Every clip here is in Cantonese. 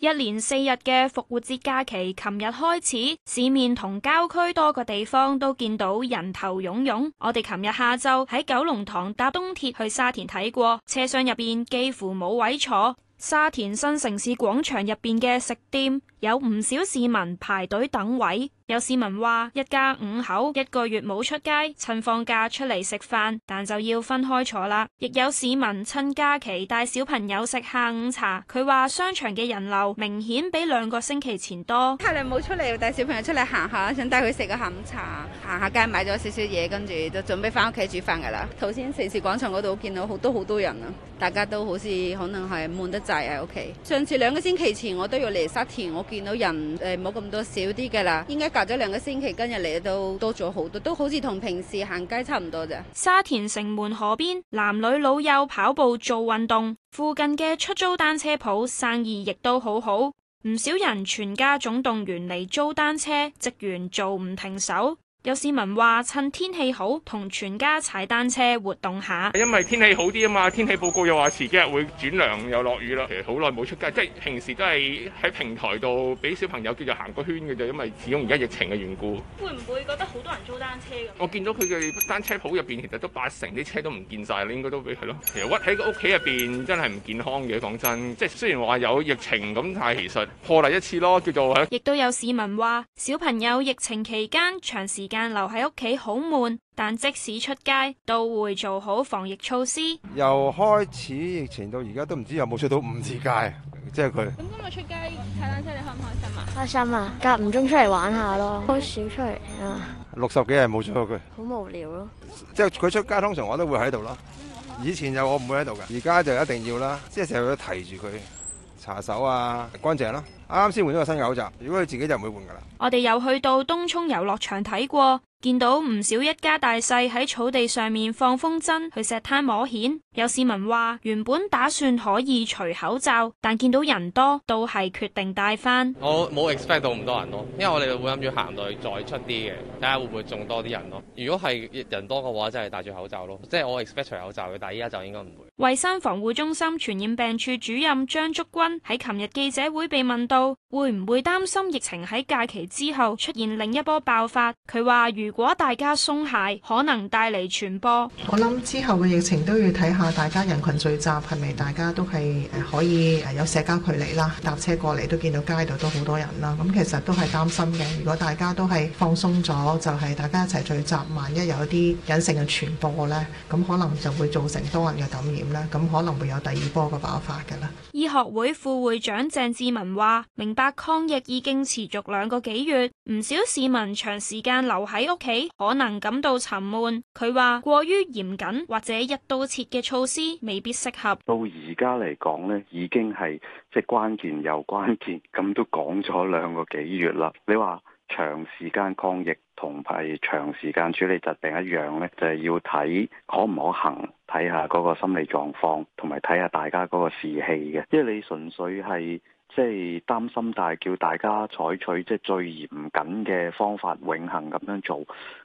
一連四日嘅復活節假期，琴日開始，市面同郊區多個地方都見到人頭涌涌。我哋琴日下晝喺九龍塘搭東鐵去沙田睇過，車廂入面幾乎冇位坐。沙田新城市廣場入邊嘅食店有唔少市民排隊等位，有市民話一家五口一個月冇出街，趁放假出嚟食飯，但就要分開坐啦。亦有市民趁假期帶小朋友食下午茶，佢話商場嘅人流明顯比兩個星期前多。太耐冇出嚟，帶小朋友出嚟行下，想帶佢食個下午茶，行下街買咗少少嘢，跟住就準備翻屋企煮飯噶啦。頭先城市廣場嗰度見到好多好多人啊，大家都好似可能係悶得。大屋企上次兩個星期前我都要嚟沙田，我見到人，誒冇咁多，少啲㗎啦。應該隔咗兩個星期，今日嚟都多咗好多，都好似同平時行街差唔多咋。沙田城門河邊，男女老幼跑步做運動，附近嘅出租單車鋪生意亦都好好，唔少人全家總動員嚟租單車，職員做唔停手。有市民話趁天氣好同全家踩單車活動下，因為天氣好啲啊嘛，天氣報告又話遲幾日會轉涼又落雨啦。其實好耐冇出街，即係平時都係喺平台度俾小朋友叫做行個圈嘅啫，因為始終而家疫情嘅緣故。會唔會覺得好多人租單車嘅？我見到佢嘅單車鋪入邊，其實都八成啲車都唔見晒，你應該都畀佢咯。其實屈喺個屋企入邊真係唔健康嘅，講真，即係雖然話有疫情咁，但係其實破例一次咯，叫做。亦都有市民話小朋友疫情期間長時間間留喺屋企好悶，但即使出街都會做好防疫措施。由開始疫情到而家都唔知有冇出到五次街，即係佢。咁今日出街踩單車，你開唔開心啊？開心啊！隔唔中出嚟玩下咯，好少出嚟啊。六十幾日冇出過佢，好無聊咯啊。即係佢出街，通常我都會喺度咯。以前又我唔會喺度噶，而家就一定要啦，即係成日都提住佢。查手啊，乾淨啦！啱先換咗個新口罩。如果佢自己就唔會換㗎喇。我哋又去到東涌遊樂場睇過，見到唔少一家大細喺草地上面放風箏，去石灘摸蜆。有市民話原本打算可以除口罩，但見到人多，都係決定戴翻。我冇 expect 到咁多人咯，因為我哋會諗住行到去再出啲嘅，睇下會唔會仲多啲人咯。如果係人多嘅話，就係戴住口罩咯。即係我 expect 除口罩嘅，但依家就應該唔會。衛生防護中心傳染病處主任張竹君喺琴日記者會被問到會唔會擔心疫情喺假期之後出現另一波爆發？佢話如果大家鬆懈，可能帶嚟傳播。我諗之後嘅疫情都要睇。大家人群聚集係咪大家都係誒可以有社交距離啦？搭車過嚟都見到街度都好多人啦。咁其實都係擔心嘅。如果大家都係放鬆咗，就係大家一齊聚集，萬一有啲隱性嘅傳播呢，咁可能就會造成多人嘅感染咧。咁可能會有第二波嘅爆發㗎啦。醫學會副會長鄭志文話：明白抗疫已經持續兩個幾月，唔少市民長時間留喺屋企，可能感到沉悶。佢話過於嚴謹或者一刀切嘅。措施未必適合。到而家嚟講咧，已經係即係關鍵又關鍵，咁都講咗兩個幾月啦。你話長時間抗疫同埋長時間處理疾病一樣咧，就係要睇可唔可行，睇下嗰個心理狀況同埋睇下大家嗰個士氣嘅。即係你純粹係。即係擔心，但係叫大家採取即係最嚴謹嘅方法，永恆咁樣做，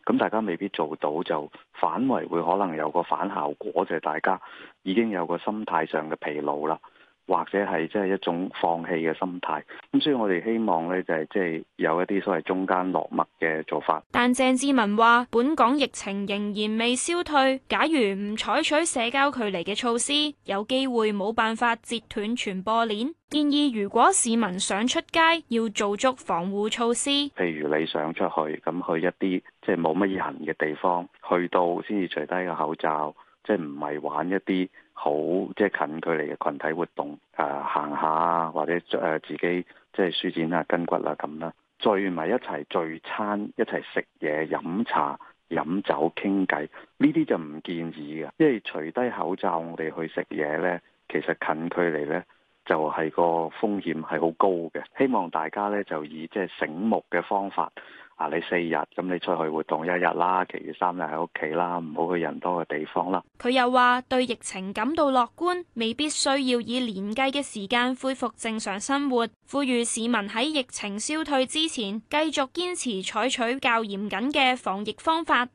咁大家未必做到，就反為會可能有個反效果，就係、是、大家已經有個心態上嘅疲勞啦。或者係即係一種放棄嘅心態，咁所以我哋希望呢，就係即係有一啲所謂中間落墨嘅做法。但鄭志文話：本港疫情仍然未消退，假如唔採取社交距離嘅措施，有機會冇辦法截斷傳播鏈。建議如果市民想出街，要做足防護措施。譬如你想出去，咁去一啲即係冇乜人嘅地方，去到先至除低個口罩。即係唔係玩一啲好即係近距離嘅群體活動，誒、呃、行下或者誒、呃、自己即係舒展下、啊、筋骨啊咁啦，聚埋一齊聚餐，一齊食嘢、飲茶、飲酒、傾偈，呢啲就唔建議嘅，因為除低口罩，我哋去食嘢呢，其實近距離呢就係、是、個風險係好高嘅，希望大家呢就以即係醒目嘅方法。啊！你四日咁，你出去活動一日啦，其餘三日喺屋企啦，唔好去人多嘅地方啦。佢又話對疫情感到樂觀，未必需要以年計嘅時間恢復正常生活，呼籲市民喺疫情消退之前，繼續堅持採取較嚴謹嘅防疫方法。